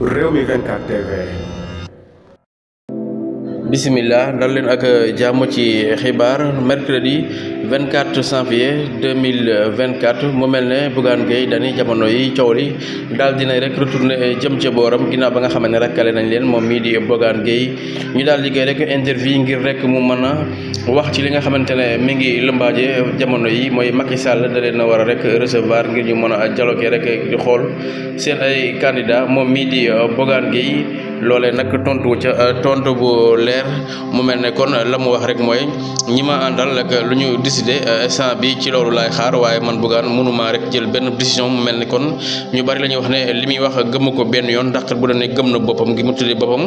Rewmi 24 TV bismillah dal leen ak hebar. Euh, ci xibaar mercredi 24 janvier 2024 mu mel ne Bougane Gueye Dany jamono yi coow li daal dina rek retourné euh, jëm ca booram ginnaaw ba nga xam ne rakkale nañ leen moom mii di Bougane Gueye ñu daal di koy rek interview ngir rek mu mën a wax ci li nga xamante ne mi ngi lëmbaaje jamono yi mooy Macky Sall da leen a war rek recevoir ngir ñu mën dialoguer rek di xool seen ay candidat moom mii di euh, Bougane loolee nag tontu ca euh, tontu bu leer mu mel ne kon la mu wax rek mooy ñi ma àndal ak lu ñu décidé euh, instant bi ci loolu laay xaar waaye man buggaan mënuma rek jël benn décision mu mel ne kon ñu bari la ñuy wax ne li muy wax gëmm ko benn yoon ndax bu doon ne gëm na boppam ngi mu tuddee boppam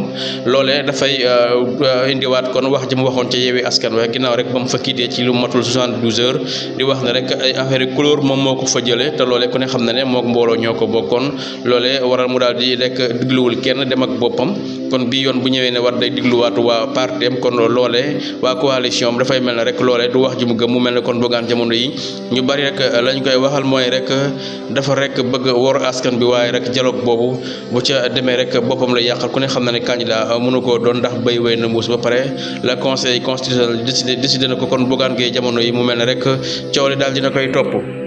loolee dafay euh, indiwaat kon wax ji mu waxoon ca yeewi askan wa ginnaaw rek ba mu fa kiitee ci lu matul 72 heures di wax ne rek ay affaire couleur moom moo ko fa jëlee te loolee ku ne xam na ne mook mbooloo ñoo ko bokkoon loolee waral digluwul kenn dem ak boppam moom kon bii yoon bu ñëwee ne wat day digluwaatu waa partem kon loole waa coalition am dafay mel ne rek loole du wax ji mu mu mel ne kon Bougane jamono yi ñu bari rek euh, lañ koy waxal mooy rek euh, dafa rek bëgg wor askan bi waaye rek dialogue boobu bu ca demee rek boppam la yàqal ku ne xam na ne candidat euh, mënu koo doon ndax béy wéy na mbuus ba pare la conseil constitutionnel décidé décidé na ko kon Bougane Gueye jamono yi mu mel ne rek coow li daal dina koy topp